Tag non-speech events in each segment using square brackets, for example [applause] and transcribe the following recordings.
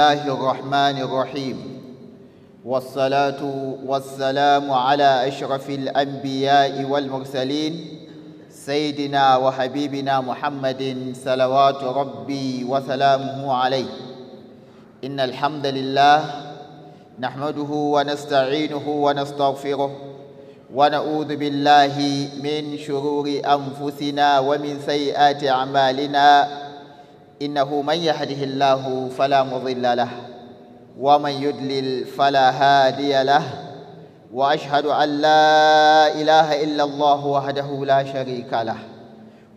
الله الرحمن الرحيم والصلاة والسلام على أشرف الأنبياء والمرسلين سيدنا وحبيبنا محمد صلوات ربي وسلامه عليه إن الحمد لله نحمده ونستعينه ونستغفره ونعوذ بالله من شرور أنفسنا ومن سيئات أعمالنا إنه من يهده الله فلا مضل له ومن يدلل فلا هادي له وأشهد أن لا إله إلا الله وحده لا شريك له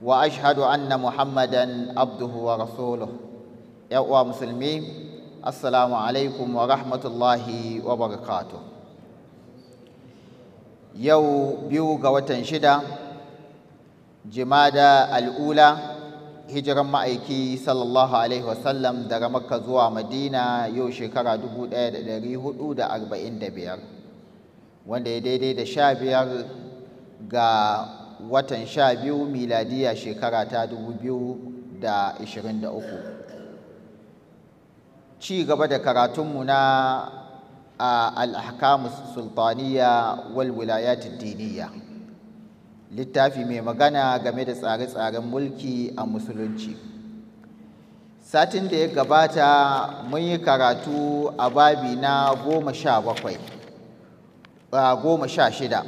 وأشهد أن محمدا عبده ورسوله يا مسلمين السلام عليكم ورحمة الله وبركاته يو بيو غوتن شدة جمادة الأولى hijiran ma'aiki sallallahu alaihi wasallam daga makka zuwa madina yau shekara 1445 wanda ya daidai da sha biyar ga watan sha biyu miladiya shekara ta 2023 ci gaba da karatunmu na al'ahkamus sultaniya wal wilayatid diniya littafi mai magana game da tsare-tsaren mulki a musulunci satin da ya gabata mun yi karatu a babi na goma sha bakwai goma sha shida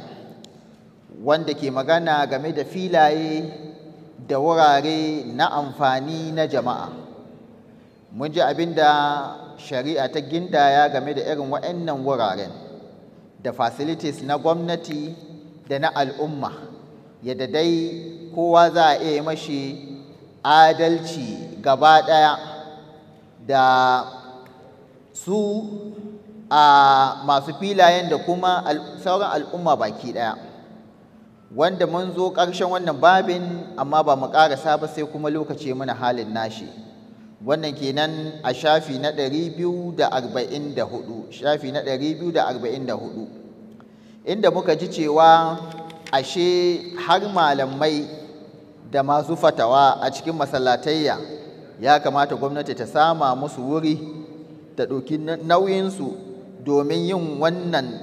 wanda ke magana game da filaye da wurare na amfani na jama'a mun ji abin da shari'a ta gindaya game da irin waɗannan wuraren da facilities na gwamnati da na al'umma yadda dai kowa za a iya mashi adalci gaba ɗaya da su a masu filayen da kuma sauran al'umma baki ɗaya wanda mun zo ƙarshen wannan babin amma ba mu ƙarasa ba sai kuma lokaci mana halin nashi wannan kenan a shafi na 244 shafi na 244 inda muka ji cewa ashe har malamai da masu fatawa a cikin masallatayya ya kamata gwamnati ta sama musu wuri da ɗauki nauyinsu domin yin wannan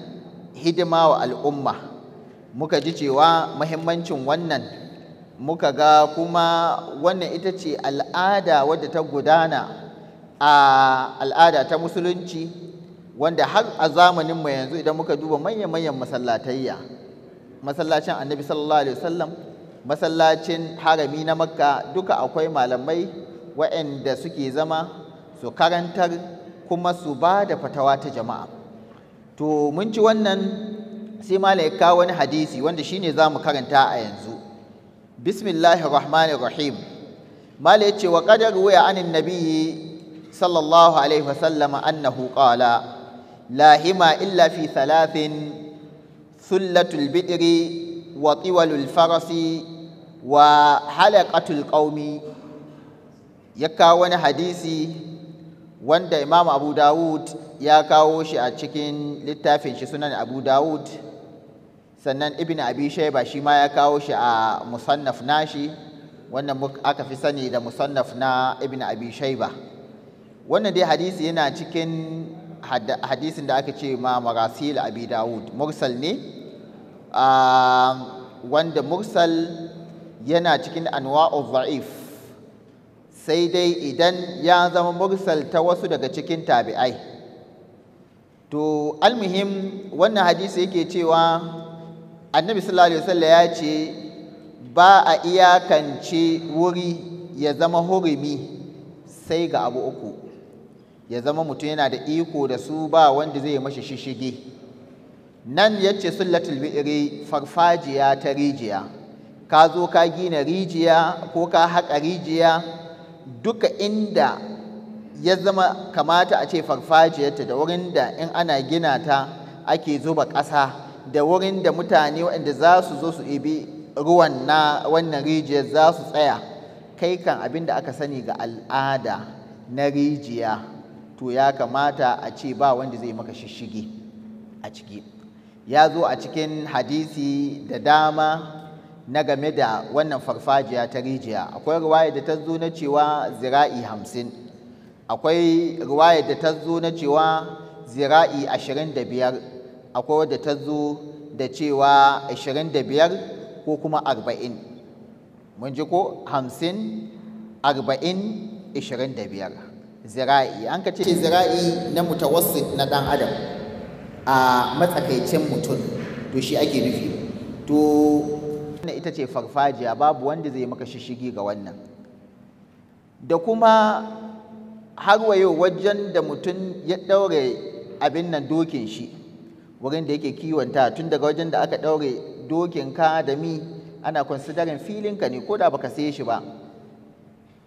hidima wa al'umma muka ji cewa mahimmancin wannan muka ga kuma wannan ita ce al'ada wadda ta gudana a al'ada ta musulunci wanda har a zamaninmu yanzu idan muka duba manya-manyan masallatayya masallacin annabi sallallahu alaihi wasallam masallacin harami na makka duka akwai malamai waɗanda suke zama su karantar kuma su ba da fatawa ta jama'a to mun ci wannan sai ka wani hadisi wanda shine zamu karanta a yanzu bismillahir rahmanir rahim malai yace wa qadar waya anin nabiyyi sallallahu alaihi wasallam annahu qala la hima illa fi thalathin sullatul bidri wa tiwalul farasi wa halaqatul qaumi ya kawo wani hadisi wanda Imam Abu Dawud ya kawo shi a cikin littafin shi sunan Abu Dawud sannan Ibn Abi Shayba shi ma ya kawo shi a musannaf nashi wannan aka fi sani da musannaf na Ibn Abi Shayba wannan dai hadisi yana cikin hadisin da aka ce ma marasil Abi Dawud mursal ne Um, wanda mursal yana cikin anwa'u za'if sai dai idan ya zama mursal ta wasu daga cikin tabi'ai to almuhim wannan hadisi yake cewa annabi sallallahu alaihi wasallam ya ce ba a iyakance wuri ya zama hurumi sai ga abu uku ya zama mutum yana da iko da su ba wanda zai mashi shishige nan ya ce sullatul bi'ri farfajiya ta rijiya ka zo ka gina rijiya ko ka haƙa rijiya duka inda ya zama kamata a ce farfajiyarta da wurin da in ana gina ta ake zuba ƙasa da wurin da mutane waɗanda za su zo su ibi ruwan na wannan rijiyar za su tsaya kai kan abin da aka sani ga al'ada na rijiya to ya kamata a ce ba wanda zai maka shishigi a ciki ya zo a cikin hadisi da dama na game da wannan farfajiya ta rijiya akwai ruwaya da ta zo na cewa zira'i hamsin akwai ruwaya da ta zo na cewa zira'i ashirin da biyar akwai wadda ta zo da cewa ashirin da biyar ko kuma arba'in mun ji ko hamsin arba'in ashirin da biyar zira'i an ka ce zira'i na mutawassit na ɗan adam a matsakaicin mutum to shi ake nufi to wannan ita ce farfajiya babu wanda zai maka shishigi ga wannan da kuma har wayo wajen da mutum ya ɗaure abin nan dokin shi wurin da yake kiwonta tun daga wajen da aka ɗaure dokin ka da mi ana filin ka ne ko da baka sai shi ba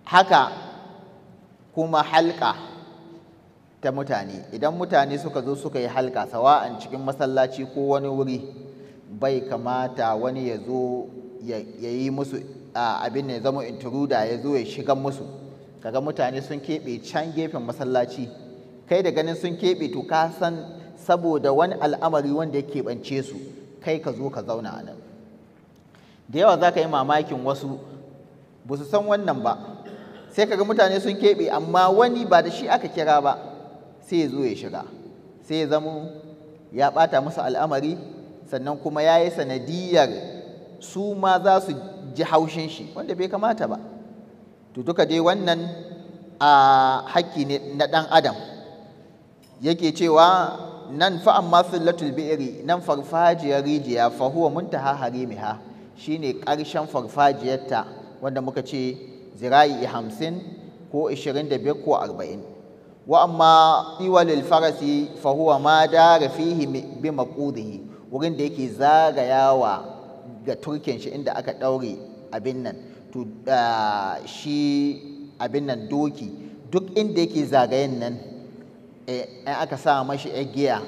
haka kuma halka ta mutane idan mutane suka zo suka yi halka sawa'an cikin masallaci ko wani wuri bai kamata wani ya zo ya yi musu abin ne zama intruder ya zo ya shiga musu kaga mutane sun keɓe can gefen masallaci kai da ganin sun keɓe to ka san saboda wani al'amari wanda ya keɓance su kai ka zo ka zauna a nan da yawa za ka yi mamakin wasu ba su san wannan ba sai kaga mutane sun keɓe amma wani ba da shi aka kira ba sai ya zo ya shiga sai ya zamo ya ɓata musu al'amari sannan kuma ya yi sanadiyar su ma za su ji haushin shi wanda bai kamata ba to duka dai wannan a haƙƙi ne na ɗan adam yake cewa nan fa amma fillatul bi'ri nan farfajiyar rijiya fa huwa muntaha harimiha shine ƙarshen farfajiyarta wanda muka ce zira'i hamsin ko 25 ko arba'in. wa amma iwalil farasi fa ma dara fihi bi maqudihi wurin da yake zagayawa ga turken shi inda aka daure abin nan to shi abin nan doki duk inda yake zagayen nan in aka sa mashi giya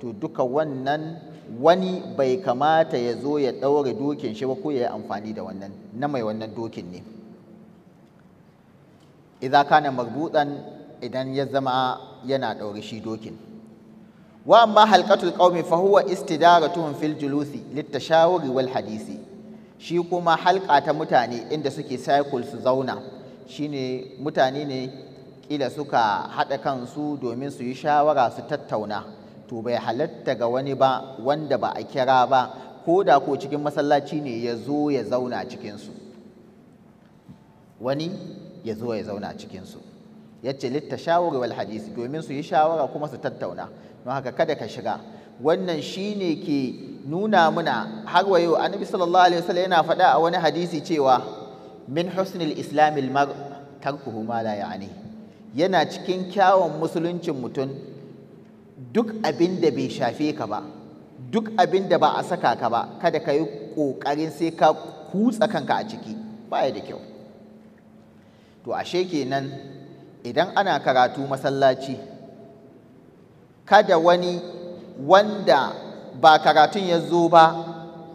to duka wannan wani bai kamata ya zo ya ɗaure dokin shi ba ko ya yi amfani da wannan na mai wannan dokin ne idza kana marbutan idan ya zama yana ɗauri shi dokin wa amma halkatul qaumi fa huwa istidaratuhum fil julusi litashawuri wal hadisi shi kuma halka ta mutane inda suke cycle su zauna shine mutane ne kila suka haɗa kansu domin su yi shawara su tattauna to bai halatta ga wani ba wanda ba a kira ba koda ko cikin masallaci ne ya ya zauna cikinsu wani ya zo ya zauna cikinsu yace littashawuri wal hadisi domin su yi shawara kuma su tattauna don haka kada ka shiga wannan shine ke nuna muna har wayo annabi sallallahu alaihi wasallam yana faɗa a wani hadisi cewa min husnil islamil mar tarkuhu ma la ya'ni yana cikin kyawun musuluncin mutum duk abin da bai shafe ka ba duk abin da ba a saka ka ba kada ka yi ƙoƙarin sai ka kutsa kanka a ciki baya da kyau to ashe kenan idan ana karatu masallaci kada wani wanda ba karatun ya zo ba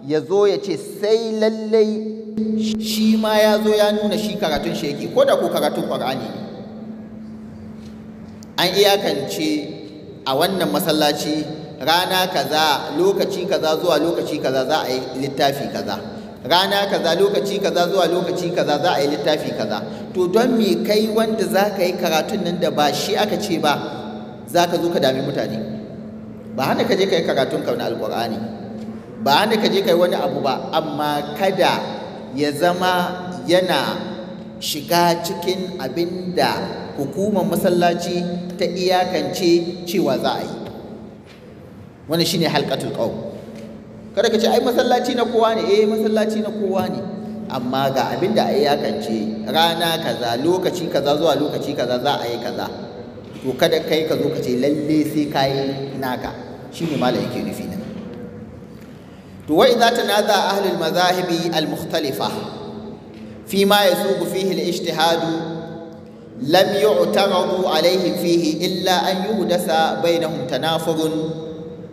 ya zo ya ce sai lallai shi ma ya zo ya nuna shi karatun sheki, ko da ko karatun ƙwar'ani an iyakance a wannan masallaci rana kaza lokaci kaza zuwa lokaci kaza za a yi littafi kaza rana kaza lokaci kaza zuwa lokaci kaza za a yi littafi kaza to don me kai wanda za ka yi karatun nan da ba shi aka ce ba za ka zo ka dami mutane ba hana ka je ka yi karatun ka alkur'ani ba hana ka je ka yi wani abu ba amma kada ya zama yana shiga cikin abin da hukumar masallaci ta iyakance cewa za a yi wani shine halkatul ƙau. kada ka ce ai masallaci na kowa ne eh masallaci na kowa ne amma ga abin da yakance rana kaza lokaci kaza zuwa lokaci kaza za a yi kaza to kada kai ka zo ka ce lalle sai kai naka shine malai yake nufi nan to wa idza tanaza ahlul mazahibi al mukhtalifa fi ma yasubu fihi al ijtihad lam yu'taradu alayhi fihi illa an yuhdasa bainahum tanafurun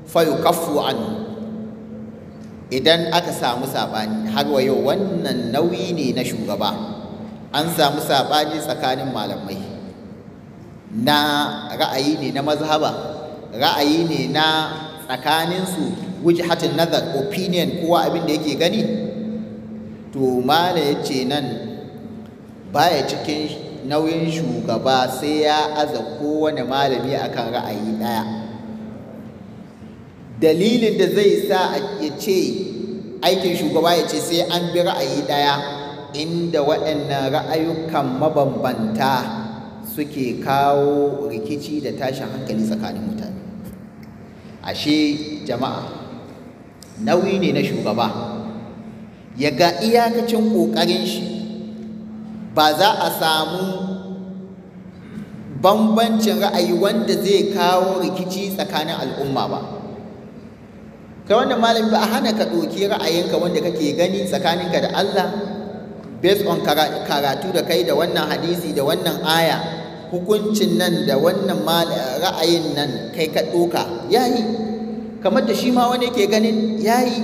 fayukaffu anhu idan aka samu saɓani har wa yau wannan nauyi ne na shugaba an samu saɓani tsakanin malamai na ra'ayi ne na mazhaba ra'ayi ne na tsakaninsu wujhatin nazar opinion kowa abin da yake gani to mala ya ce nan baya cikin nauyin shugaba sai ya aza kowane malami akan ra'ayi ɗaya dalilin da zai sa ya ce aikin shugaba ya ce sai an bi ra'ayi ɗaya inda waɗannan ra'ayukan mabambanta suke kawo rikici da tashin hankali tsakanin mutane ashe jama'a nauyi ne na shugaba ya ga iyakacin ƙoƙarin shi ba za a samu bambancin ra'ayi wanda zai kawo rikici tsakanin al'umma ba Ka wannan malami ba a hana ka ɗoki ra'ayinka wanda kake gani tsakaninka da Allah based on karatu da kai da wannan hadisi da wannan aya hukuncin nan da wannan ra'ayin nan kai ka ɗoka yi kamar da shi ma wani ke ganin ya yi?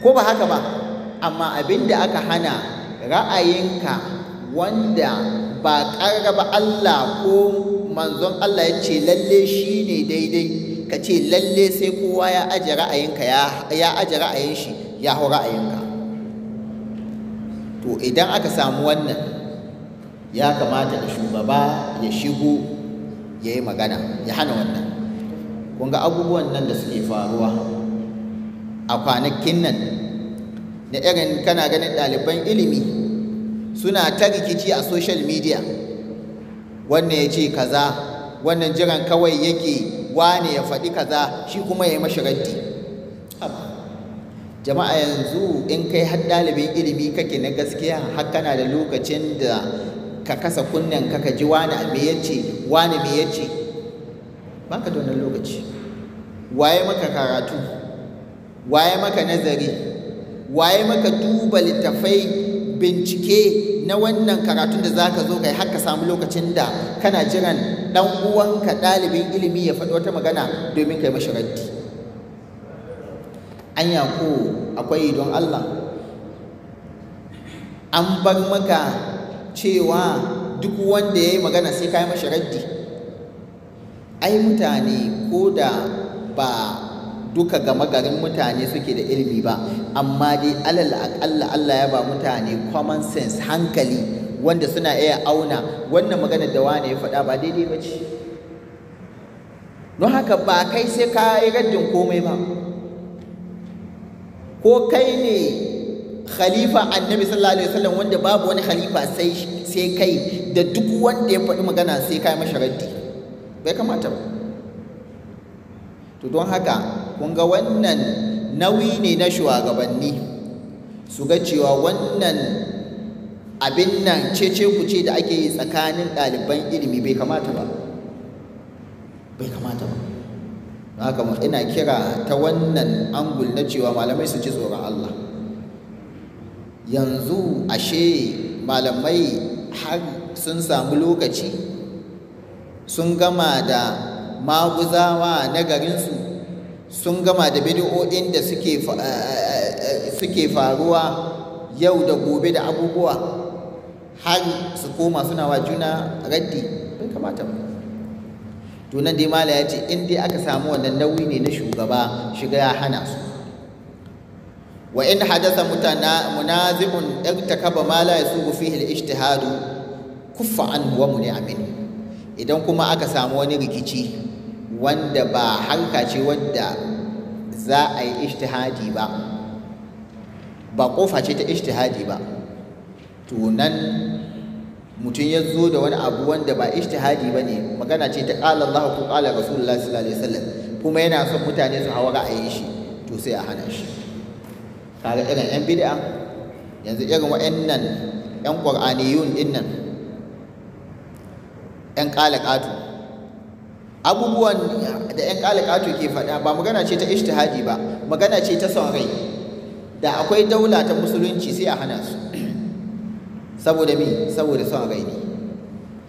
ko ba haka ba amma abin da aka hana ra'ayinka wanda ba ƙarraba Allah ko manzon Allah ya ce lalle shi ne daidai ka ce lalle sai kowa ya aje ra'ayinka ya aje ra'ayin shi ya hau ra'ayinka to idan aka samu wannan ya kamata da shugaba ya shigo ya yi magana ya hana wannan kun ga abubuwan nan da suke faruwa a kwanakin nan na irin kana ganin ɗaliban ilimi suna ta rikici a social media wannan ya ce kaza wannan jiran kawai yake wane ya faɗi kaza shi kuma ya yi mashiranti. jama'a yanzu in kai har ɗalibin ilimi kake na gaskiya har kana da lokacin da ka kasa kunnen ka ji wani me yace wani me yace baka da wannan lokaci waye maka karatu waye maka nazari waye maka duba littafai bincike na wannan karatun da za ka zo kai har ka samu lokacin da kana jiran ɗan uwanka ɗalibin ilimi ya faɗi wata magana domin kai mashi raddi anya ko akwai don Allah an bar maka cewa duk wanda ya yi magana sai ka yi mashi raddi ai mutane ko da ba duka gama garin mutane suke da ilimi ba amma dai alal Allah ya ba mutane common sense hankali wanda suna iya auna wannan magana da wane ya faɗa ba daidai ba ce don haka ba kai sai ka yi raddin komai ba ko kai ne khalifa annabi sallallahu alaihi wasallam wanda babu wani khalifa sai sai kai da duk wanda ya faɗi magana sai kai masharadi raddi bai kamata ba to don haka kun ga wannan nauyi ne na shugabanni su ga cewa wannan abin nan cece kuce da ake yi tsakanin ɗaliban ilimi bai kamata ba bai kamata ba haka ina kira ta wannan angul na cewa malamai su ci tsoron Allah yanzu ashe malamai har sun samu lokaci sun gama da maguzawa na garinsu sun gama da bid'o'in da eh, eh, eh, suke faruwa yau da gobe da abubuwa har su koma suna wa juna raddi bai kamata ba to nan dai mala ya ce in dai aka samu wannan nauyi ne na shugaba shiga ya hana su wa in hadasa mutana Munazimun irtakaba ma la yasubu fihi al-ijtihadu kuffa an wa muni'a idan kuma aka samu wani rikici wanda ba harka ce wadda za a yi ishtihadi ba ba kofa ce ta ishtihadi ba to nan mutum ya zo da wani abu wanda ba ishtihadi ba ne magana ce ta ƙala Allah ko ƙala Rasulullah sallallahu alaihi wasallam kuma yana son mutane su hawa ra'ayin shi to sai a hana shi kaga irin yan bid'a yanzu irin wa'annan yan qur'aniyun dinnan yan ƙala ƙatu. abubuwan da 'yan ƙalaƙato ke faɗa ba magana ce ta ishtihadi ba magana ce ta son da akwai daula ta musulunci sai a hana su saboda mi saboda son ne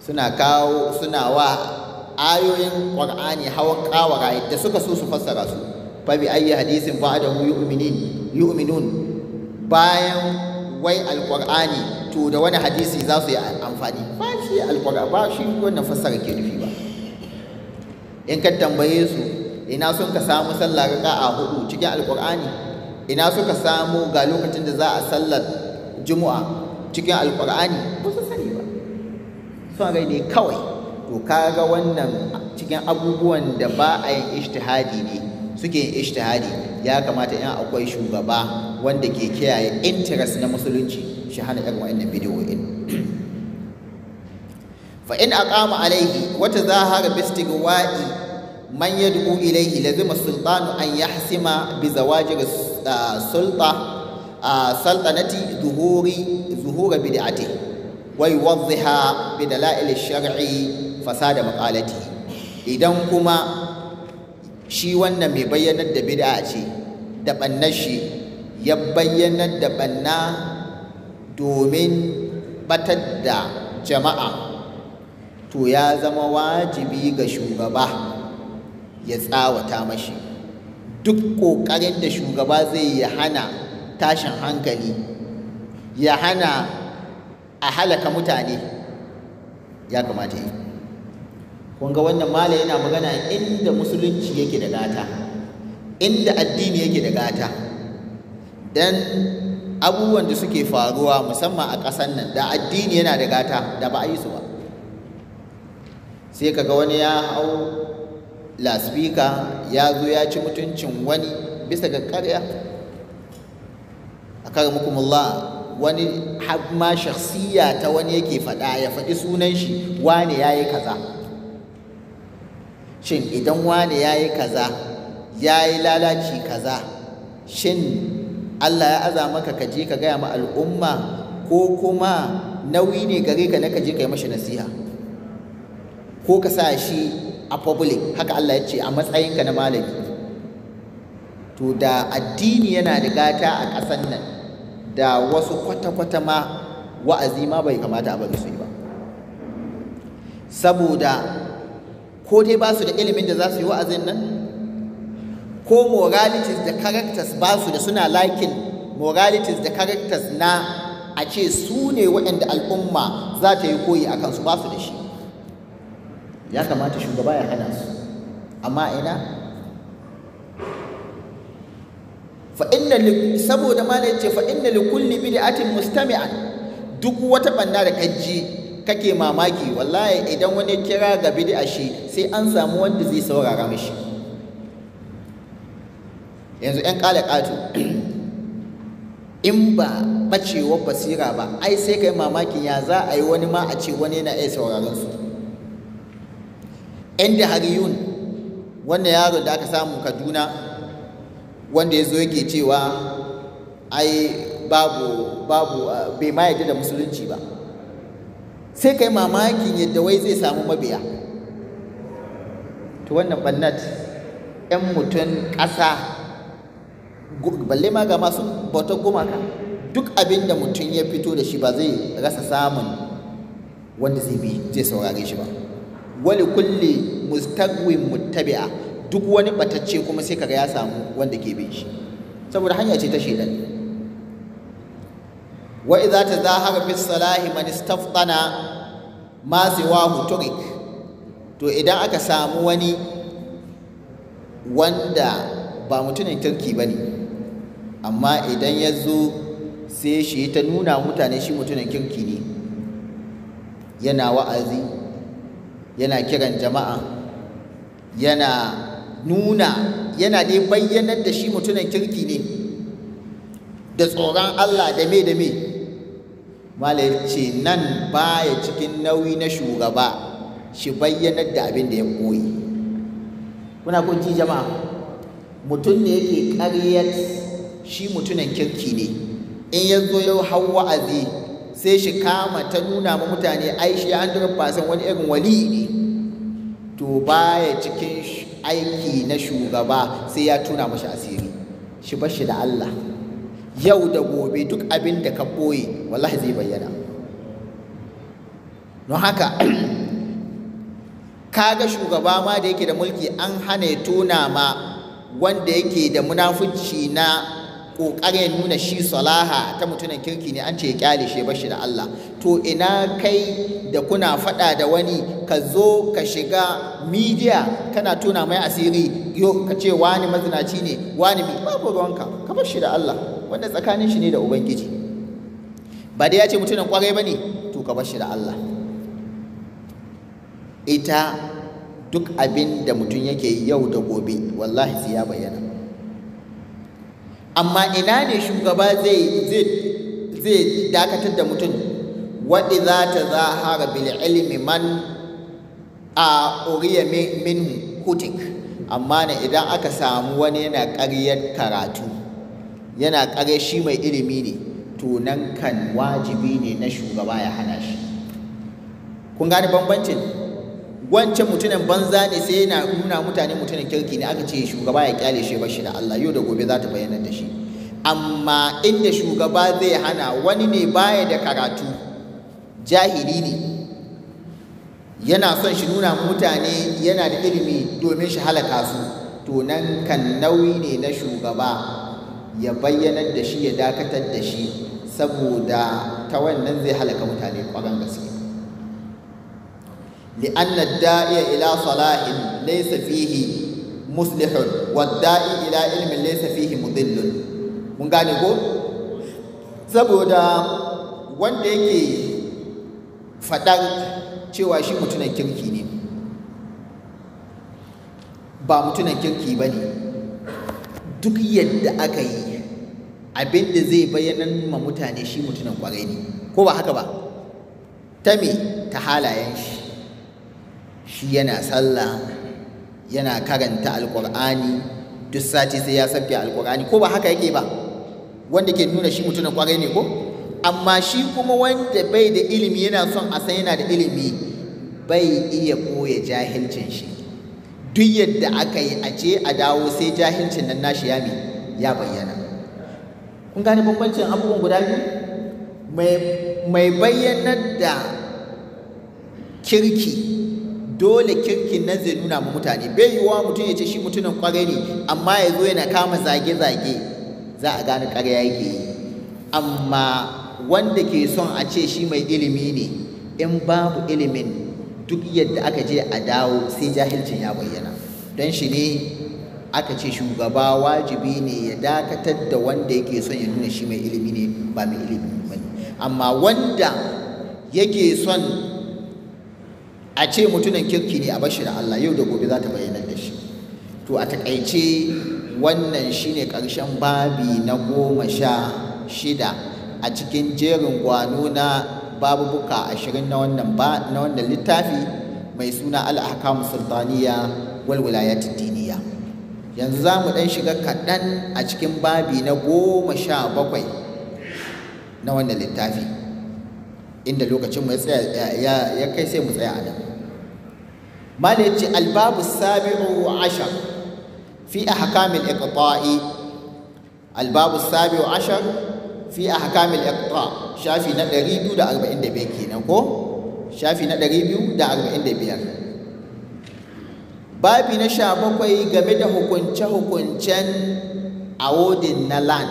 suna kawo suna wa ayoyin ƙwar'ani hawan ƙawara da suka so su fassara su fa bi ayyi hadisin ba da yu'minun bayan wai alƙur'ani to da wani hadisi za su yi amfani ba shi alƙur'ani ba shi wannan fassara ke nufi ba in ka tambaye su ina sun ka samu sallah raka'a hudu cikin alkur'ani ina suka samu ga lokacin da za a sallar juma'a cikin alkur'ani ba su sani ba sun rai ne kawai to kaga wannan cikin abubuwan da ba a yin ishtihadi ne suke yin ishtihadi ya kamata in akwai shugaba wanda ke kiyaye interest na musulunci shi hana irin wa'annan bidiyoyin Ba in aqama alaihi wata tazahara bi istighwa'i man yad'u ilayhi lazima sultanu an yahsima bi zawajir ah, sulta ah, saltanati zuhuri zuhura bid'ati wai yuwaddiha bi dalail ash-shar'i fasada makalati. idan kuma shi wannan mai bayyanar da bid'a ce da bannar shi ya bayyanar da ɓanna domin batar da jama'a to ya zama wajibi ga shugaba ya tsawata mashi duk ƙoƙarin da shugaba zai ya hana tashin hankali ya hana a halaka mutane ya kamata yi ga wannan mala yana magana inda musulunci yake da gata inda addini yake da gata dan abubuwan da suke faruwa musamman a ƙasar nan da addini yana da gata da ba a yi su ba sai kaga wani ya hau lasbika, ya zo ya ci mutuncin wani bisa ga karya a karmukumullah wani ma shakhsiya ta wani yake faɗa ya faɗi sunan shi wane ya yi kaza shin idan wane ya yi kaza ya yi lalaci kaza shin Allah ya aza maka ka je ka gaya ma al'umma ko kuma nauyi ne gare ka na ka je ka yi mashi nasiha ko ka sa shi a public haka Allah ya ce a matsayinka na malami to da addini yana da gata a ƙasan nan da wasu kwata-kwata ma wa'azi ma bai kamata a bari su yi ba saboda ko dai ba su da ilimin da za su yi wa'azin nan ko moralities da characters ba su da suna likin moralities da characters na a ce su ne waɗanda al'umma za ta yi koyi a kansu ba su da shi ya kamata shugaba ya hana su amma ina fa inna saboda malai ce fa inna li kulli bid'atin mustami'an duk wata banna da kaji kake mamaki wallahi idan wani kira ga bid'a shi sai an samu wanda zai saurara mishi yanzu yan kala katu in ba bacewa basira ba ai sai kai mamakin ya za a yi wani ma a ce wani na iya sauraron su 'yan dahariyun wannan yaro da aka samu kaduna wanda ya zo yake cewa ai babu babu bai ma yadda da musulunci ba sai kai mamakin yadda wai zai samu mabiya to wannan bannat 'yan mutum ƙasa balle ma ga masu bautar gumaka duk abin da mutum ya fito da shi ba zai rasa samun wanda zai bi zai saurare shi ba wani kulli mustagwin mutabi'a duk wani batacce kuma sai kaga ya samu wanda ke bin shi saboda hanya ce ta shedan wa idza tazahara bis salahi man istafqana ma siwahu turik to idan aka samu wani wanda ba mutumin kirki bane amma idan ya zo sai shi ta nuna mutane shi mutumin kirki ne yana wa'azi yana kiran jama'a yana nuna yana dai bayyanar da shi mutumin kirki ne da tsoron Allah da me da me ce nan baya cikin nauyi na shugaba shi bayyanar da abin da ya koyi kuna kunci jama'a mutum ne yake ƙaryar shi mutumin kirki ne in ya zo yau hau wa'azi sai shi kama ta nuna ma mutane ai shi 100% wani irin wali ne to baya cikin aiki na shugaba sai ya tuna mashi asiri shi bashi da Allah yau da gobe duk abin da ka ɓoye wallahi zai bayyana don haka [clears throat] ga shugaba ma da yake da mulki an hana ya tuna ma wanda yake da munafunci na ƙoƙarin nuna shi salaha ta mutumin kirki ne an ce ya kyale shi bashi da Allah to ina kai da kuna faɗa da wani ka zo ka shiga midiya kana tuna mai asiri yo ka ce wani mazinaci ne wani mai babu ruwanka ka bar shi da Allah wanda tsakanin shi ne da ubangiji ba da ya ce mutumin kwarai ba ne to ka bar shi da Allah ita duk abin da mutum yake yau da gobe wallahi sai ya bayyana amma ina ne shugaba zai dakatar da mutum waɗi za ta zahara bil ilmi man a uriya min hutik amma ne idan aka samu wani yana ƙaryar karatu yana ƙaryar shi mai ilimi ne to nan kan wajibi ne na shugaba ya hana shi kun gani bambancin wancan mutumin banza ne sai yana nuna mutane mutumin kirki ne aka ce shugaba ya kyale shi bashi da Allah yau da gobe za ta bayyana da shi amma inda shugaba zai hana wani ne baya da karatu jahili ne yana son shi nuna mutane yana da ilimi domin shi halaka su to nan kan nauyi ne na shugaba ya bayyanar da shi ya dakatar da shi saboda ta wannan zai halaka mutane kwaran gaske لأن الداعي إلى صلاح ليس فيه مصلح والداعي إلى علم ليس فيه مضل من قال يقول سبودا وان ديكي فتاك cewa shi mutunan كمكي ne با mutunan كمكي بني ne duk yadda aka yi abin da zai bayyanar ma mutane shi mutunan kwarai ne ko ba haka ba ta me ta halayen shi shi yana sallah yana karanta alkur'ani duk sati sai ya sabbi alkur'ani ko ba haka yake ba wanda ke nuna shi na kwarai ne ko amma shi kuma wanda bai da ilimi yana son a san yana da ilimi bai iya koya jahilcin shi duk yadda aka yi a ce a dawo sai jahilcin nan nashi ya ya bayyana kun gane bambancin abubuwan guda biyu mai bayyanar da kirki dole kirkin nan zai nuna mu mutane bai yiwuwa mutum ya ce shi mutumin kwarai ne amma ya zo yana kama zage-zage za a gane ƙarya yake yi amma wanda ke son a ce shi mai ilimi ne in babu ilimin duk yadda aka je a dawo sai jahilcin ya bayyana don shi ne aka ce shugaba wajibi ne ya dakatar da wanda yake son ya nuna shi mai ilimi ne ba mai ilimi ba amma wanda yake son a ce mutumin kirki ne a bashi da Allah yau da gobe za ta bayyana da shi to a takaice wannan shine karshen babi na goma sha shida a cikin jerin gwano na babubuka ashirin na wannan ba na wannan littafi mai suna al-ahkamu sultaniya wal wilayat diniya yanzu za mu dan shiga kaɗan a cikin babi na goma sha bakwai na wannan littafi inda lokacin mu ya kai sai mu tsaya a nan malai ce albabu sabi'u ashar fi ahkamil iqta'i albabu sabi'u ashar fi ahkamil iqta shafi na 245 kenan ko shafi na 245 babi na bakwai game da hukunce-hukuncen awodin na land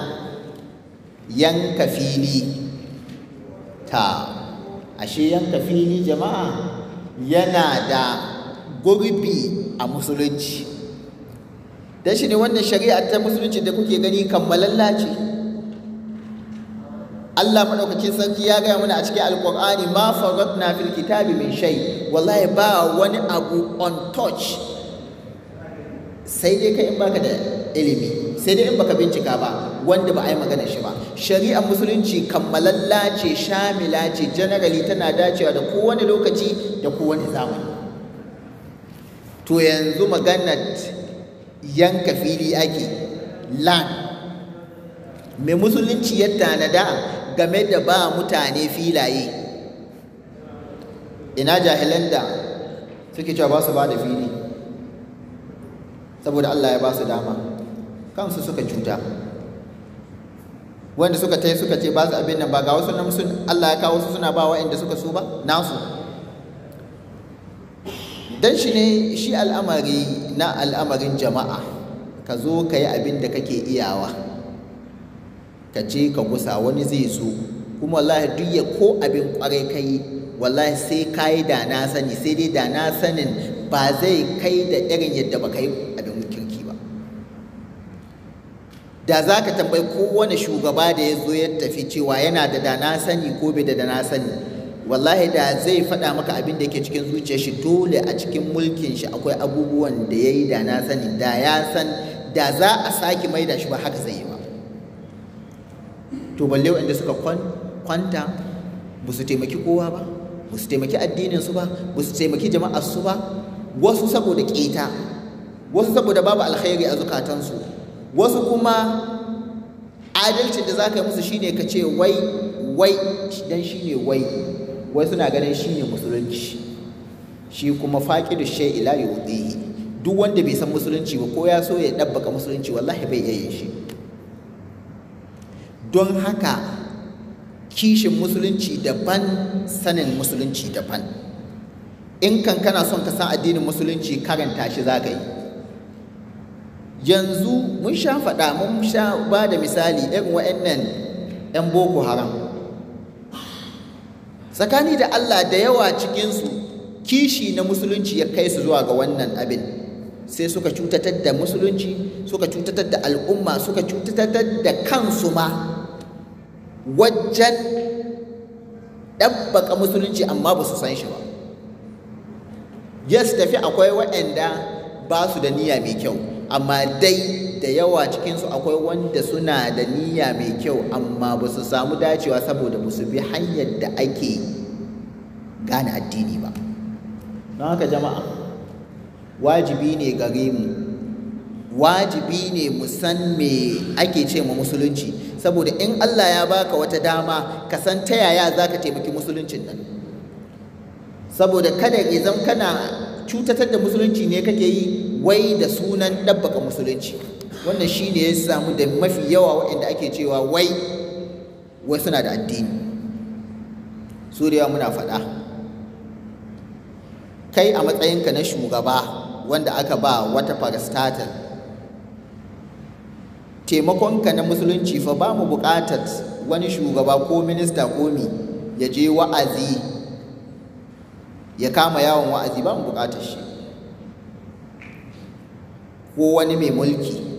yanka fili ta ashe yanka fili jama'a yana da gurbi a musulunci don shi ne wannan shari'a ta musulunci da kuke gani kammalalla ce Allah maɗaukacin sarki ya gaya mana a cikin alkur'ani ma faratna fil kitabi mai shai, wallahi ba wani abu on touch sai dai kai in baka da ilimi sai dai in baka bincika ba wanda ba a yi magana shi ba shari'ar musulunci kammalalla ce shamila ce generally tana dacewa da kowane lokaci da kowane zamani to yanzu maganar yanka fili ake lan, mai musulunci ya tanada game da ba mutane filaye ina jahilan da suke cewa ba su ba da fili saboda Allah ya ba su dama kansu suka cuta wanda suka tai suka ce ba su abin nan ba ga wasu na, musulun Allah ya kawo su suna ba inda suka su ba nasu Don shi ne shi al'amari na al'amarin jama'a ka zo ka yi abin da kake iyawa ka ce ka gusa wani zai zo kuma wallahi duk ya ko abin kwarai ka yi wallahi sai ka yi da na sani sai dai da na sanin ba zai kai da irin yadda ba ka yi abin kirki ba da za ka tambayi kowane shugaba da ya zo ya tafi cewa yana da da na sani ko bai da da na sani wallahi da zai faɗa maka abin da yake cikin zuciyar shi dole a cikin mulkin shi akwai abubuwan da ya yi da na sani da ya san da za a mai da shi ba haka zai yi ba to balle wanda suka kwanta ba su taimaki kowa ba ba su taimaki addinin su ba ba su taimaki jama'ar su ba wasu saboda keta wasu saboda babu alkhairi a zukatansu wasu kuma adalcin da za ka yi musu shine ka ce wai wai dan shine wai wai suna ganin shi ne musulunci shi kuma da shai ila yudihi duk wanda bai san musulunci ba ko ya so ya ɗabbaka musulunci wallahi bai yayin shi don haka kishin musulunci daban sanin musulunci daban in kan kana son ka san addinin musulunci karanta shi za ka yi yanzu mun sha faɗa mun sha ba da misali irin wa'annan 'yan boko haram tsakani da Allah da yawa cikinsu kishi na musulunci ya kai su zuwa ga wannan abin sai suka cutatar da musulunci suka cutatar da al'umma suka cutatar da kansu ma wajen ɗabbaka musulunci amma ba su san shi ba yes tafi akwai waɗanda ba su da niyya mai kyau amma dai da yawa cikinsu akwai wanda suna da niyya mai kyau amma ba su samu dacewa saboda ba su bi hanyar da ake gane addini ba don haka jama'a wajibi ne gare mu wajibi ne mu san me ake ce ma musulunci saboda in Allah ya baka wata dama ka san ta yaya za ka taimaki musuluncin nan saboda kada ya zama kana cutatar da musulunci ne kake yi wai da sunan ɗabbaka musulunci wannan ne ya samu da mafi yawa waɗanda ake cewa wai wai suna da addini su muna faɗa kai a matsayinka na shugaba wanda aka ba wata farastatal taimakonka na musulunci fa ba mu buƙatar wani shugaba ko minista ko mi ya je wa'azi ya kama yawon wa'azi ba mu buƙatar shi ko wani mai mulki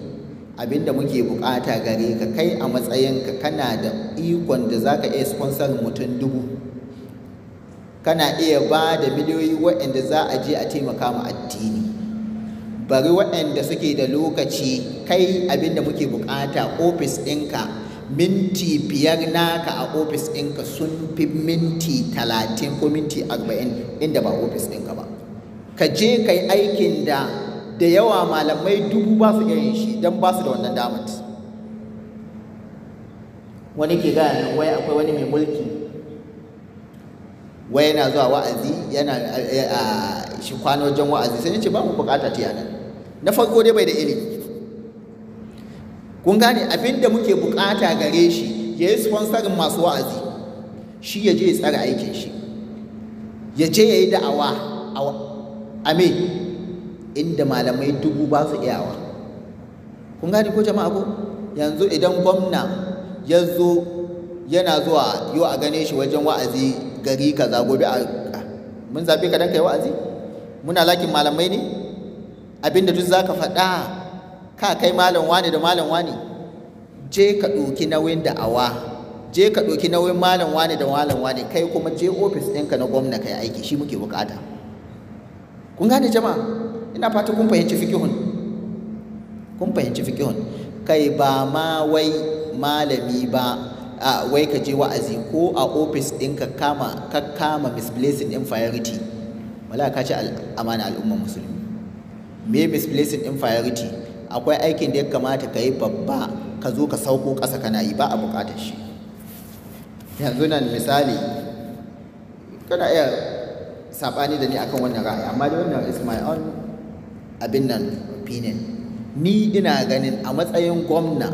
abinda muke bukata gare ka kai a matsayin ka kana da ikon da za ka iya sponsor mutum dubu kana iya ba da miliyoyi waɗanda za a je a taimaka ma addini bari waɗanda suke da lokaci kai abinda muke bukata ofis ɗinka minti biyar naka a ofis ɗinka sun fi minti talatin ko minti arba'in inda ba ofis ɗinka ba ka je ka yi aikin da da yawa malamai dubu ba su iya shi don ba su da wannan damat wani ke gaya nan wai akwai wani mai mulki wai yana zuwa wa'azi yana eh, eh, a ah, shi kwano wajen wa'azi sai ce ba mu bukata ta yanar na farko dai bai da ilimi kun gane abin da muke bukata gare shi ya yi sponsorin masu wa'azi shi ya je ya tsara aikin shi ya je ya yi da'awa a me inda malamai dubu ba su iyawa kun gane ko jama'a ko yanzu idan gwamna ya zo yana zuwa yau a gane shi wajen wa'azi gari kaza gobe a mun zabe ka dan yi wa'azi muna lakin malamai ne abinda duk zaka faɗa ka kai malam wani da malam wani je ka ɗauki nauyin da'awa je ka ɗauki nauyin malam wani da malam wani kai kuma je ofis ɗinka na gwamna ka yi aiki shi muke bukata kun gane jama'a ina fata kun fahimci fikihun kun fahimci fikihun kai ba ma wai malami ba a wai ka je wa'azi ko a ofis din ka kama ka kama misplacing infiority wala ka ci amana al'umman musulmi me misplacing infiority akwai aikin da ya kamata ka yi babba ka zo ka sauko ƙasa kana yi ba a buƙatar shi yanzu nan misali kana iya saɓani da ni akan wannan ra'ayi amma da wannan is my own abin nan opinion ni ina ganin a matsayin gwamna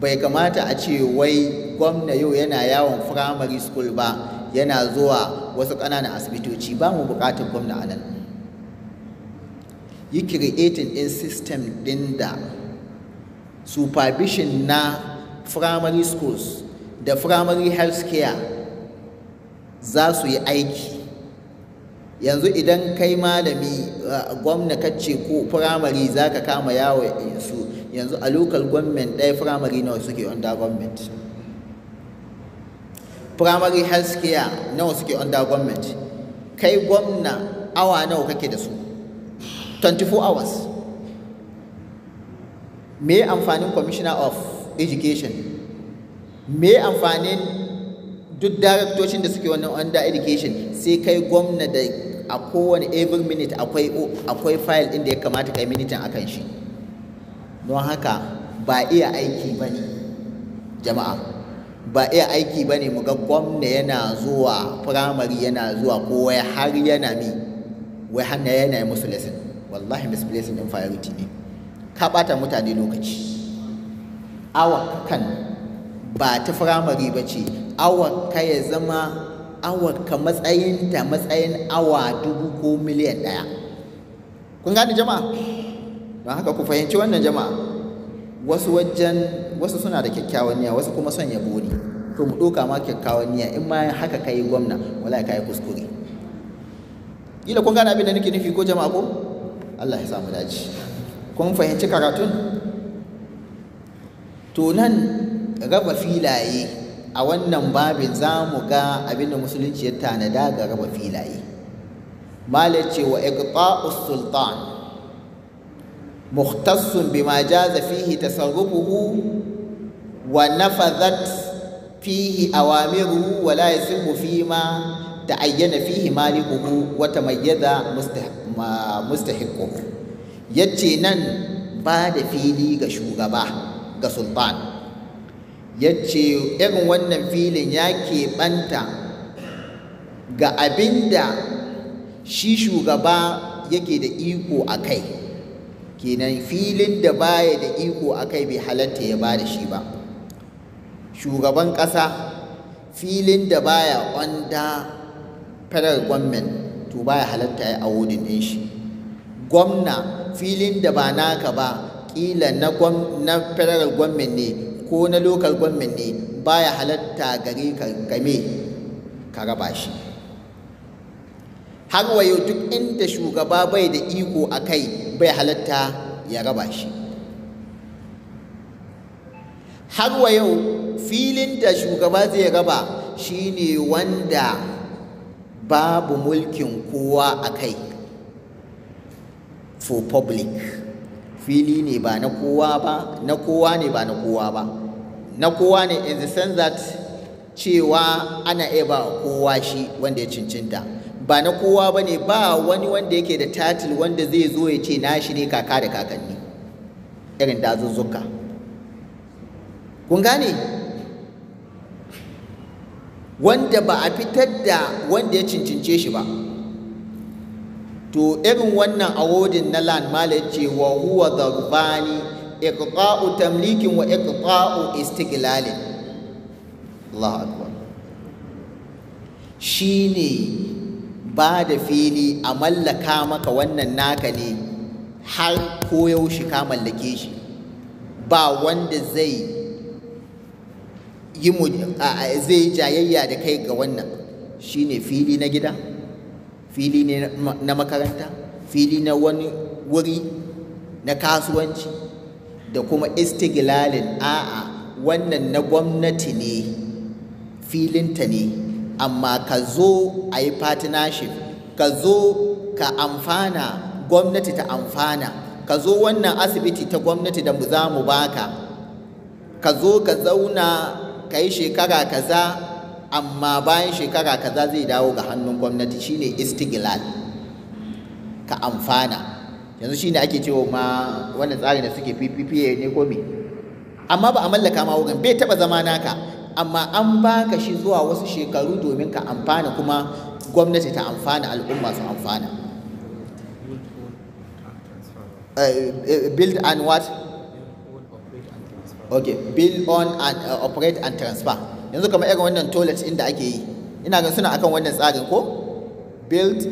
bai kamata a ce wai gwamna yau yana yawon primary school ba yana zuwa wasu ƙananan asibitoci ba mu buƙatar gwamna a nan yi creating in system din da supervision na primary schools da primary health care za su yi aiki yanzu idan kai malami gwamna kacce ko firamare za ka kama yawo su yanzu a local government ɗaya firamare nawa suke under government firamare health care nawa suke under government kai gwamna awa nawa kake da su 24 hours me amfanin commissioner of education me amfanin duk daraktocin da suke wannan under education sai kai gwamna da a kowane every minute akwai akwai file ɗin da ya kamata kai minitin akan shi don haka ba iya aiki ba ne jama'a ba iya aiki bane ne muga gwamna yana zuwa firamare yana zuwa ko wai har yana mi wai hannu yana musu lesson wallahi misplacing in priority ne ka bata mutane lokaci awa kan ba ta firamare ba ce awa ka ya zama awa ka matsayin matsayin awa dubu ko miliyan ɗaya kun gane jama'a don haka ku fahimci wannan jama'a wasu wajen wasu suna da kyakkyawan niyya wasu kuma son yabo ne to mu ɗoka ma kyakkyawan niyya in ma haka ka yi gwamna wala ka yi kuskure ila kun gane abin da nake nufi ko jama'a ko Allah ya mu dace kun fahimci karatun to nan raba filaye a wannan babin za mu ga abinda musulunci ya tanada ga raba filaye malar ce wa iqta'us sultan mukhtassun bima jaza fihi tasarrufuhu wa nafadhat fihi awamiruhu wa la yasimmu fi ma ta'ayyana fihi malikuhu wa tamayyaza mustahiqquhu yace nan ba da fili ga shugaba ga sultan ya ce irin wannan filin ya keɓanta ga abin da shi shugaba yake da iko a kai kenan filin da baya da iko a kai bai halatta ya ba da shi ba shugaban ƙasa filin da baya wanda federal government to baya halatta ya awo ɗinshi. shi gwamna filin da ba naka ba ƙila na federal government ne ko na local government ne baya halatta gare ka game ka raba shi har wayo duk inda shugaba bai da iko a kai bai halatta ya raba shi har wayo filin da shugaba zai raba shi ne wanda babu mulkin kowa a kai for public fili ne ba na kowa ba na kowa ne ba na kowa ba na kowa ne in the sense that cewa ana iya ba kowa shi wanda ya cincinta ba na kowa ba ne ba wani wanda yake da title wanda zai zo ya ce na shi ne kaka da kakanni irin dazuzzuka kun gane wanda ba a fitar da wanda ya cincince shi ba to irin wannan awodin na lan malar ce wa huwa dharbani iqta'u tamlikin wa iqta'u istiqlalin Allahu akbar shine ba da fili a mallaka maka wannan naka ne har koyaushe ka mallake shi ba wanda zai yi zai jayayya da kai ga wannan shine fili na gida fili ne na makaranta fili na wani wuri na kasuwanci da kuma istigilalin, a'a wannan na gwamnati ne filinta ne amma ka zo a yi partnership ka zo ka amfana gwamnati ta amfana ka zo wannan asibiti ta gwamnati da mu za mu baka ka zo ka zauna ka yi shekara kaza amma bayan shekara kaza zai dawo ga hannun gwamnati shine istigilal ka amfana yanzu shi ne ake cewa ma wanda tsarin da suke PPPA ne ko me amma ba a mallaka ma wurin bai taɓa zama naka amma an baka shi zuwa wasu shekaru domin ka amfana kuma gwamnati ta amfana al'umma su amfana eh, eh, build and what okay build on and uh, operate and transfer yanzu kamar irin wannan toilet inda ake yi ina ga suna akan wannan tsarin ko build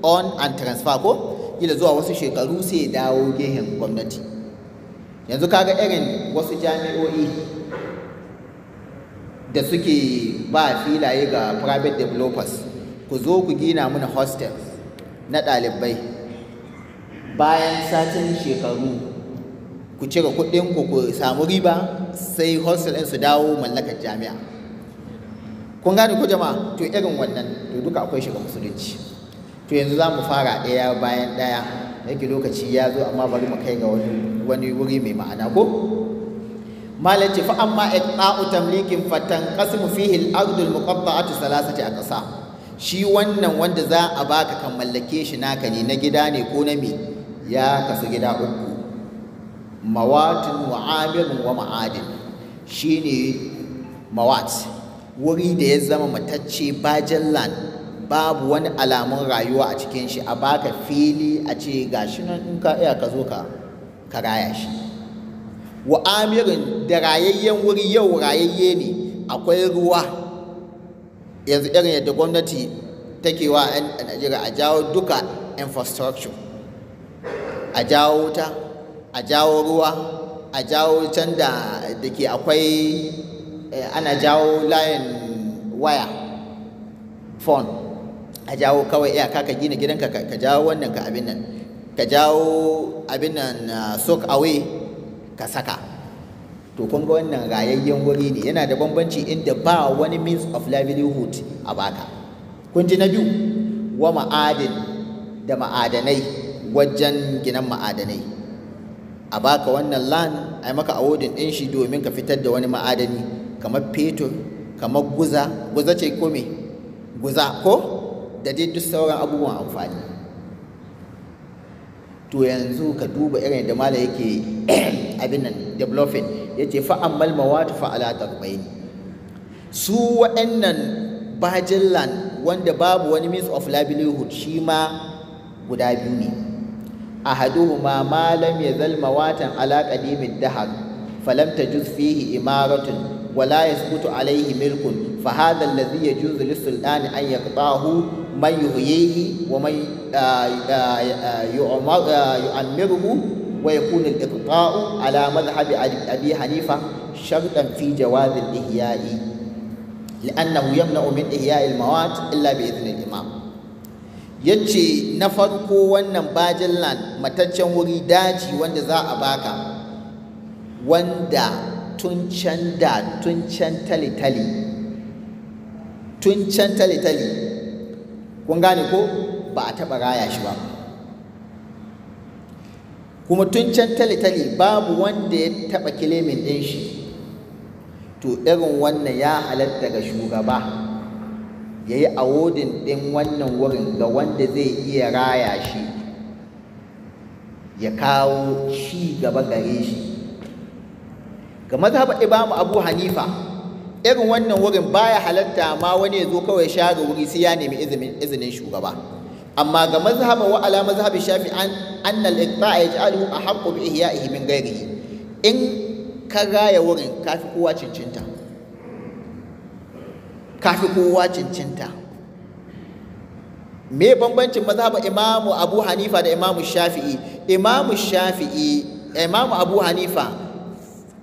on and transfer ko kila zuwa wasu shekaru sai ya dawo gehen gwamnati yanzu kaga irin wasu jami'o'i da suke ba filaye ga private developers ku zo ku gina mana hostel na ɗalibai bayan satin shekaru ku cire kuɗin ku ku samu riba sai hostel ɗin su dawo mallakar jami'a kun gane ku jama'a to irin wannan to duka akwai shiga musulunci to yanzu za mu fara ɗaya bayan ɗaya yake lokaci ya zo amma bari mu kai ga wani wuri mai ma'ana ko malaci fa amma iqta'u tamlikin fatan qasmu fihi al-ardu al-muqatta'atu a aqsa shi wannan wanda za a baka kan mallake shi naka ne na gida ne ko na me ya kasu gida uku mawatin wa'amilun wa ma'adin shine mawat wuri da ya zama matacce bajan land babu wani alamun rayuwa a cikin shi a baka fili a ce ga shi nan in ka iya ka zo ka ka shi wa amirin da rayayyen wuri yau rayayye ne akwai ruwa yanzu irin yadda gwamnati take wa a Najeriya a jawo duka infrastructure a jawo wuta a jawo ruwa a jawo can da ke akwai eh, ana jawo layin waya phone a jawo kawai iyaka ka gina gidanka ka jawo wannan ka abin nan ka jawo abin nan ah, sok away ka saka to kun ga wannan rayayyen wuri ne yana da bambanci inda ba wani means of livelihood a baka kun ji na biyu wa ma'adin da ma'adanai wajen ginan ma'adanai a baka wannan land ai maka awodin din shi domin ka fitar da wani ma'adani kamar fetur kamar guza guza ce ko me guza ko da dai duk sauran abubuwan amfani to yanzu ka duba irin da mala yake [clears throat] abin nan developing ya ce fa'ammal mawatu fa'ala tarbayin su waɗannan bajin land wanda babu wani means of livelihood shi ma guda biyu ne ahaduhuma ma lam yazal mawatan ala qadimin dahar falam tajuz fihi imaratun wala ya yasqutu alaihi milkun fa hadha alladhi yajuzu lisultani an yaqtahu man yuhyihi wa man yu'ammiruhu wa yakunu al-iqta'u ala madhhabi abi hanifa shartan fi jawaz al-ihya'i لأنه يمنع من إحياء الموات إلا بإذن الإمام yace na farko wannan bajin land mataccen wuri daji wanda za a baka wanda tun can da tun can tali-tali tun can tali kun gane ko ba a taɓa raya shi ba kuma tun can tali babu wanda ya taɓa kilimin ɗin shi to irin wannan ya halatta ga shugaba ya yi awodin ɗin wannan wurin ga wanda zai iya raya shi ya kawo ci gaba gare shi ga mazhabar imamu abu hanifa irin wannan wurin baya halatta ma wani ya zo kawai share wuri sai ya nemi izinin shugaba amma ga mazhaba wa ala mazhabi shafi an annal iqta ja'alu ahqqu bi ihya'ihi min ghairihi in ka gaya wurin kafi kowa cincinta kafi kowa cincinta me bambancin mazhaba imamu abu hanifa da imamu shafi'i imamu shafi'i imamu abu hanifa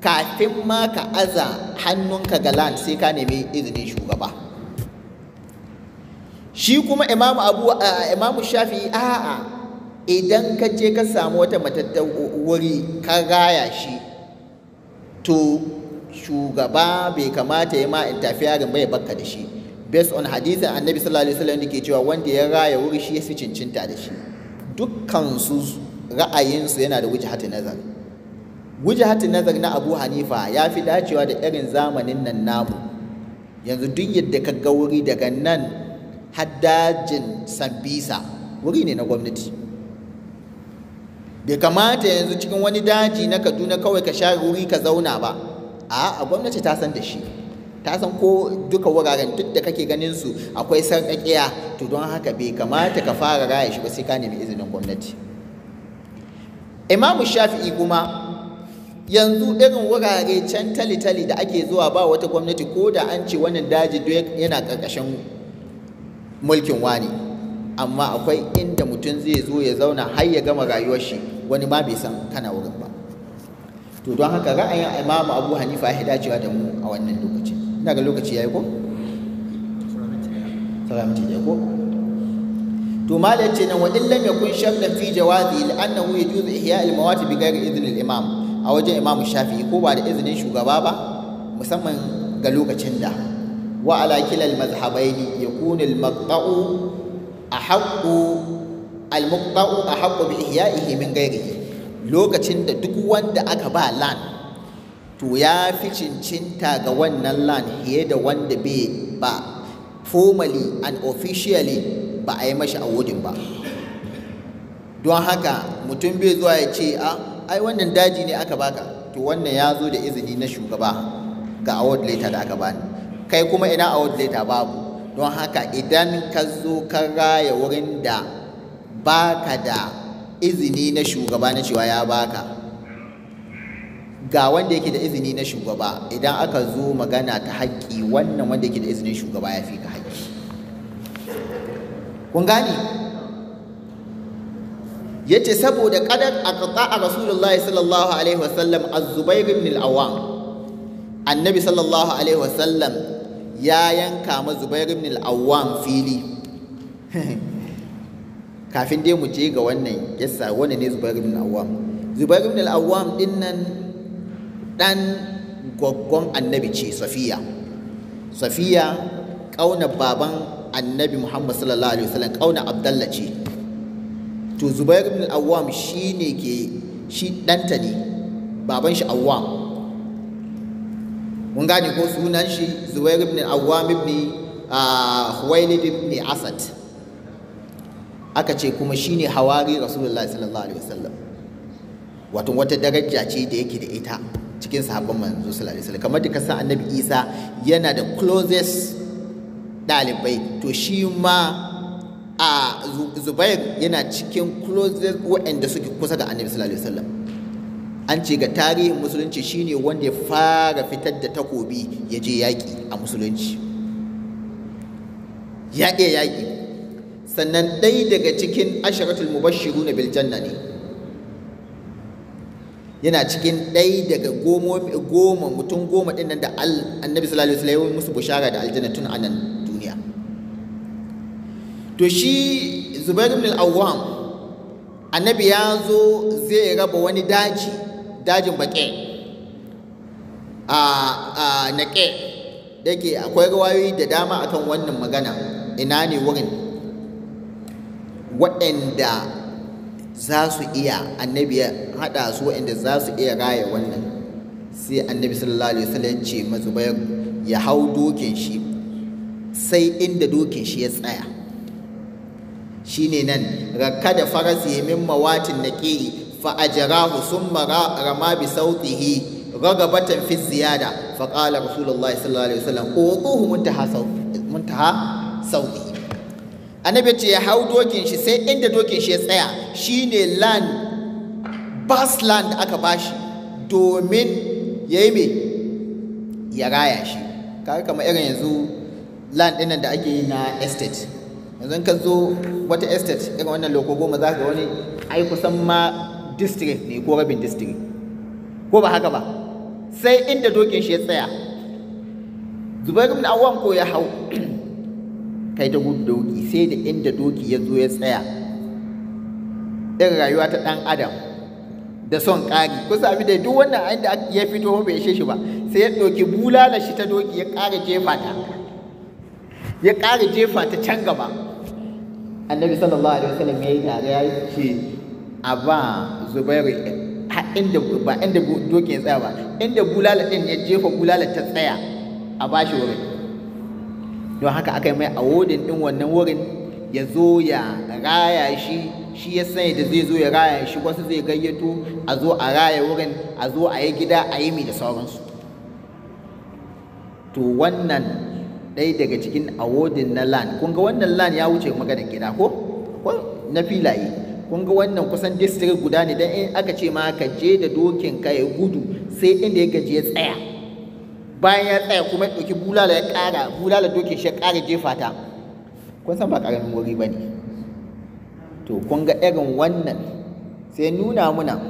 kafin ma ka aza hannunka ga land sai ka nemi izinin shugaba shi kuma imamu abu imamu shafi a'a idan ka je ka samu wata matatta wuri ka raya shi to shugaba bai kamata ya ma ga mai bakka da shi based on hadisin annabi sallallahu alaihi wasallam ke cewa wanda ya raya wuri shi ya fi cincinta da shi dukkan su ra'ayinsu yana da wuce hata nazari wujahatin nazar na abu hanifa ya fi dacewa da irin zamanin nan namu yanzu duk yadda ka ga wuri daga nan haddajin sambisa wuri ne na gwamnati bai kamata yanzu cikin wani daji na kaduna kawai ka share wuri ka zauna ba a gwamnati ta san da shi ta san ko duka wuraren duk da kake ganin su akwai sarƙaƙiya to don haka bai kamata ka fara raya shi ba sai ka nemi izinin gwamnati imamu shafi'i kuma yanzu irin wurare can tali-tali da ake zuwa ba wata gwamnati ko da an ce wannan daji yana ƙarƙashin mulkin wani amma akwai inda mutum zai zo ya zauna har ya gama rayuwar shi wani ma bai san kana wurin ba to don haka ra'ayin imamu abu hanifa ya dacewa da mu a wannan lokacin ina ga lokaci yayi ko salamati ya ko to malam ce nan wa illam yakun sharra fi jawazi li annahu yajuzu ihya al mawati bi ghairi idhni imam a wajen imam shafi'i ko ba da izinin shugaba ba musamman ga lokacin da wa ala kilal mazhabaini yakunu al-maqta'u ahaqqu al bi ihya'ihi min ghayrihi lokacin da duk wanda aka ba lan to ya fi cincinta ga wannan lan fiye da wanda bai ba formally and officially ba a yi mashi a awodin ba don haka mutum bai zuwa ya ce a ah, ai wannan daji ne aka baka to wannan ya zo da izini na shugaba ga award letter da aka bani kai kuma ina award letter babu don haka idan ka zo ka raya wurin da baka da izini na shugaba na cewa ya baka ga wanda yake da izini na shugaba idan aka zo magana ta haƙƙi wannan wanda yake da izinin shugaba ya fi ka haƙƙi kun gane yace saboda qadar a rasulullahi sallallahu alaihi wasallam az-zubair ibn al-awwam annabi sallallahu alaihi wasallam ya yanka ma zubair ibn al-awwam fili [laughs] kafin dai mu je ga wannan kissa wani ne zubair ibn al-awwam zubair ibn al-awwam din nan dan gwaggon annabi ce safiya safiya kauna baban annabi muhammad sallallahu alaihi wasallam kauna abdallah ce to zubair ibn awwam shi ne ke shi ɗanta ne baban shi awwam mun gane ko sunan shi zubair ibn awwam ibn ah, huwailid ibn asad aka ce kuma shi ne hawari rasulullah sallallahu alaihi wasallam wato wata daraja ce da yake da ita cikin sahabban manzo sallallahu alaihi wasallam kamar da kasan annabi isa yana da closest ɗalibai to shi ma a zubair yana cikin closest waɗanda suke kusa da annabi sallallahu alaihi wasallam an ce ga tarihin musulunci shine wanda ya fara fitar da takobi ya je yaƙi a musulunci ya iya yaƙi sannan ɗai daga cikin asharatul mubashiru na biljanna ne yana cikin ɗai daga goma mutum goma ɗin nan da annabi sallallahu alaihi wasallam musu bushara da aljanna tun anan to shi zubair ibn al-awwam annabi ya zo zai raba wani daji dajin baƙe a naƙe da ke akwai rawayoyi da dama akan wannan magana ina ne wurin waɗanda za su iya annabi ya haɗa su waɗanda za su iya raya wannan sai annabi sallallahu alaihi wasallam ce mazubayar ya hau dokin shi sai inda dokin shi ya tsaya shine nan rakka da farasi min mawatin naqi fa ajrahu thumma rama bi sautihi ragabatan fi ziyada fa qala rasulullahi sallallahu alaihi wasallam qutuhu muntaha sauti annabi ce ya hau dokin shi sai inda dokin shi ya tsaya shine land bas land aka bashi domin yayi me ya raya shi kaga kamar irin yanzu land ɗinnan da ake yi na estate yanzu ka zo wata estate irin wannan loko goma za ga wani ai kusan ma district ne ko rabin district ko ba haka ba sai inda dokin shi ya tsaya zubair ibn awwam ko ya hau [clears throat] kai ta gudu doki sai da inda doki ya zo ya tsaya irin rayuwa ta dan adam da son ƙari ku sami da duk wannan inda ya fito bai ishe shi ba sai ya ɗauki bulala shi ta doki ya ƙara jefa ta ya ƙara jefa ta can gaba annabi sallallahu alaihi wasallam yi daga ya ce a ba zubairu inda ba inda dokin tsaya ba inda bulala din ya jefa bulala ta tsaya a bashi wurin don haka aka yi mai awodin din wannan wurin ya zo ya raya shi shi ya sanya da zai zo ya raya shi wasu zai gayyato a zo a raya wurin a zo a yi gida a yi mi da sauransu to wannan ɗaya daga cikin awodin na land kun ga wannan land ya wuce maganar gida ko na filaye kun ga wannan kusan district guda ne dan in aka ce ma ka je da dokin ka ya gudu sai inda ya gaji ya tsaya bayan ya tsaya kuma ya ɗauki bulala ya ƙara bulala dokin shi ya ƙara jefa ta kun san ba ƙaramin wuri ba ne to kun ga irin wannan sai nuna muna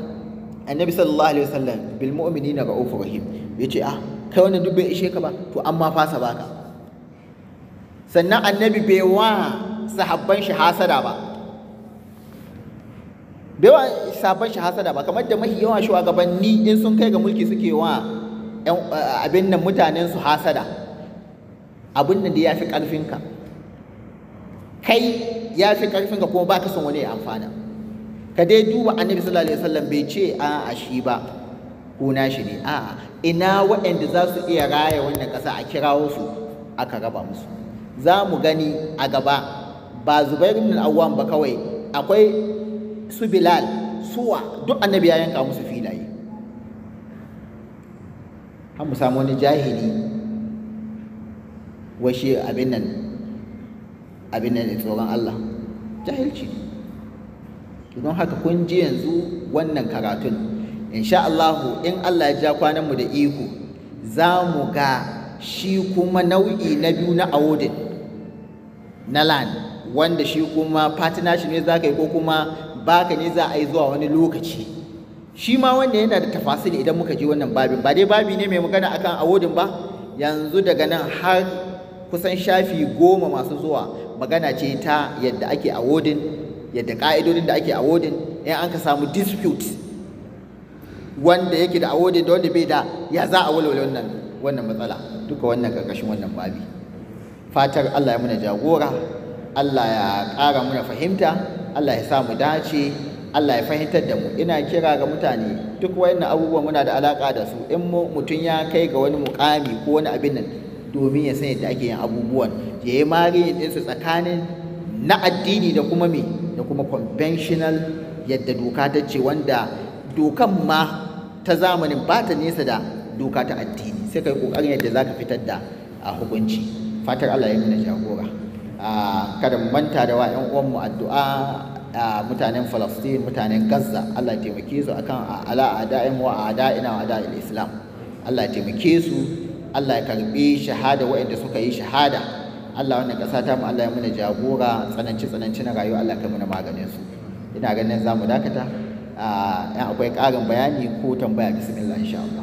annabi sallallahu alaihi wasallam bil mu'minina ra'ufur rahim yace ah kai wannan dubbe ishe ka ba to amma fasa baka sannan annabi bai wa sahabban shi hasada ba bai wa sahabban shi hasada ba kamar da mahi yawan shugabanni in sun kai ga mulki suke wa eh, abin nan mutanen su hasada abin nan da ya fi ƙarfinka kai ya fi ƙarfinka kuma ba ka son wani ya amfana ka dai duba annabi sallallahu alaihi wasallam bai ce a shi ba kuna shi ne a'a ina waɗanda za su iya raya wannan ƙasa a kirawo su aka raba musu za mu gani a gaba ba Zubairu ibn Awwam ba kawai akwai su Bilal suwa duk annabi ya yanka musu filaye har mu samu wani jahili washe abin nan abin tsoron Allah jahilci don haka kun ji yanzu wannan karatun insha Allahu in Allah ya ja kwanan mu da iko za mu ga shi kuma nau'i na biyu na awodin na land wanda shi kuma partnership ne za ka yi ko kuma baka ne za a yi zuwa wani lokaci shi ma wanda yana da tafasili idan muka je wannan babin ba dai babi ne mai magana akan awodin ba yanzu daga nan har kusan shafi goma masu zuwa magana ce ta yadda ake awodin yadda ka'idodin da ake awodin in an ka samu dispute wanda yake da awodin da wanda bai da ya za a walwala wannan wannan matsala duka wannan karkashin wannan babi fatar Allah ya muna jagora Allah ya ƙara muna fahimta Allah ya sa mu dace Allah ya fahimtar da mu ina kira ga mutane duk wayannan abubuwan muna da alaka da su in mutum ya kai ga wani mukami ko wani abin nan domin ya san yadda ake yin abubuwan ya yi mari su tsakanin na addini da kuma me da kuma conventional yadda doka ta ce wanda dokan ma ta zamanin ba ta nesa da doka ta addini sai kai kokarin yadda zaka fitar da a hukunci fatar Allah ya mana jagora kada mu manta da wa ƴan uwanmu addu'a mutanen Falastin mutanen Gaza Allah taimake su akan ala ada'im wa ada'ina wa ada'il Islam Allah taimake su Allah ya karbi shahada waɗanda suka yi shahada Allah wannan ƙasa ta mu Allah ya mana jagora tsananci tsananci na rayuwa Allah ka mana maganin su ina ganin za mu dakata a akwai ƙarin bayani ko tambaya bismillah insha Allah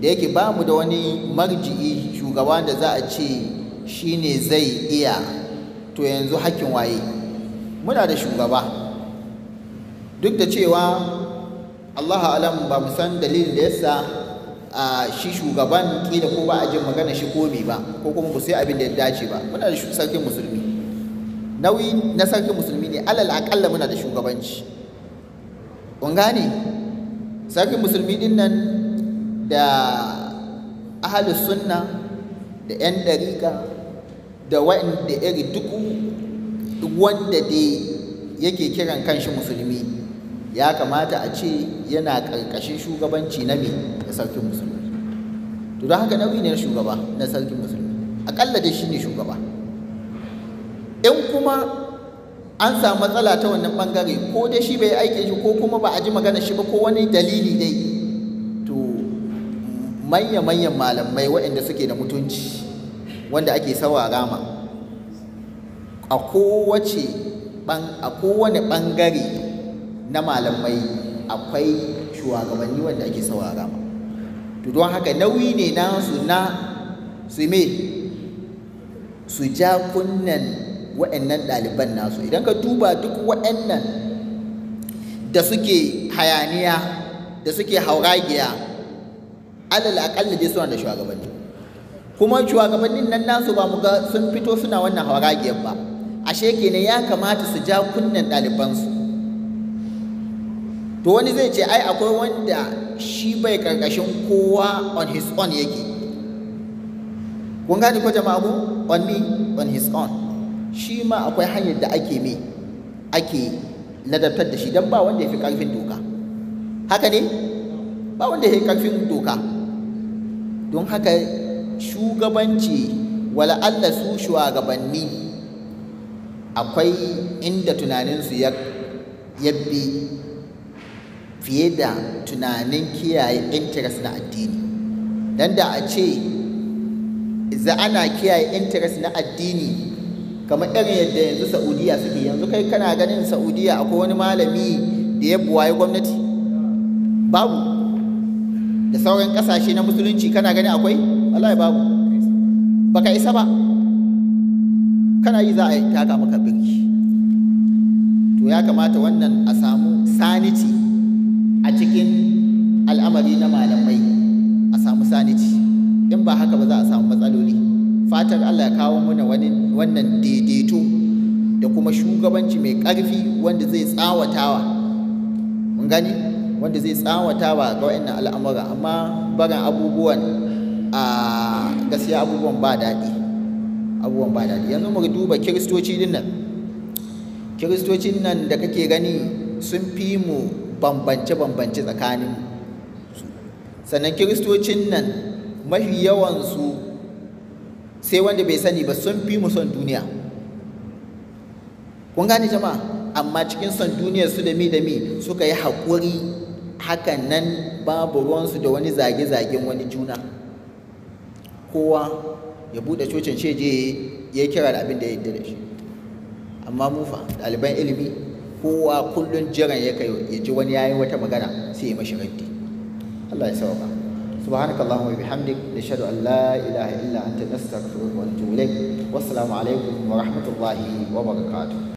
da yake ba mu da wani marji'i shugaba da za a ce shi ne zai iya to yanzu hakkin waye muna da shugaba duk da cewa Allah alam ba mu san dalilin da yasa a shi shugaban kila ko ba a jin magana shi komi ba ko kuma ku sai abin da ya dace ba muna da sarkin musulmi nauyi na sarkin musulmi ne alal akalla muna da shugabanci kun gane sarkin musulmi din nan da ahalus sunna da 'yan dariƙa da waɗanda iri duk wanda dai yake kiran kanshi musulmi ya kamata a ce yana ƙarƙashin shugabanci na me da sarkin musulmi to don haka nauyi ne na shugaba na sarkin musulmi aƙalla dai ne shugaba in kuma an samu matsala ta wannan ɓangare, ko dai shi bai aike shi ko kuma ba a ji magana shi ba ko wani dalili dai manya-manyan malamai waɗanda suke da mutunci wanda ake sawa rama a kowace a kowane ɓangare na malamai akwai shugabanni wanda ake sawa rama. to don haka nauyi ne na su na su me su ja kunnen waɗannan ɗaliban nasu idan ka duba duk waɗannan da suke hayaniya da suke hauragiya alal aƙalla dai suna da shugabanni kuma shugabannin nan nasu ba mu ga sun fito suna wannan hawaragiyar ba ashe kenan ya kamata su ja kunnen ɗalibansu to wani zai ce ai akwai wanda shi bai karkashin kowa on his own yake kun gane ko jama'a ko on me on his own shi ma akwai hanyar da ake me ake ladabtar da shi don ba wanda ya fi karfin doka haka ne ba wanda ya fi karfin doka don haka shugabanci Allah su shugabanni akwai inda tunaninsu ya bi fiye da tunanin kiyaye interest na addini don da a ce za ana kiyaye interest na addini kamar irin yadda yanzu saudiya suke yanzu kai kana ganin saudiya akwai wani malami da ya buwaye gwamnati babu da sauran kasashe na musulunci kana gani akwai wallahi babu baka isa ba kana yi za a taka maka birki to ya kamata wannan a samu saniti a cikin al'amari na malamai a samu saniti in ba haka ba za a samu matsaloli fatar Allah ya kawo mana wannan daidaito da kuma shugabanci mai ƙarfi wanda zai tsawatawa mun gani wanda zai tsawatawa ga wa'annan al'amura amma barin abubuwan a gaskiya abubuwan ba daɗi abubuwan ba daɗi yanzu mu duba kiristoci din nan kiristocin nan da kake gani sun fi mu bambance-bambance tsakanin sannan kiristocin nan mafi yawansu sai wanda bai sani ba sun fi mu son duniya kun gane jama'a amma cikin son duniyar su da mi da mi suka yi haƙuri hakan nan babu ruwansu da wani zage-zagen wani juna kowa ya buɗe cocin ce je ya kira da abin da ya yi da shi amma mu fa ilimi kowa kullum jiran ya kai ya ji wani yayin wata magana sai ya mashi raddi Allah ya sauka subhanakallahumma wa bihamdik nashhadu an la ilaha illa anta nastaghfiruka wa natubu ilaik salamu alaikum wa rahmatullahi wa barakatu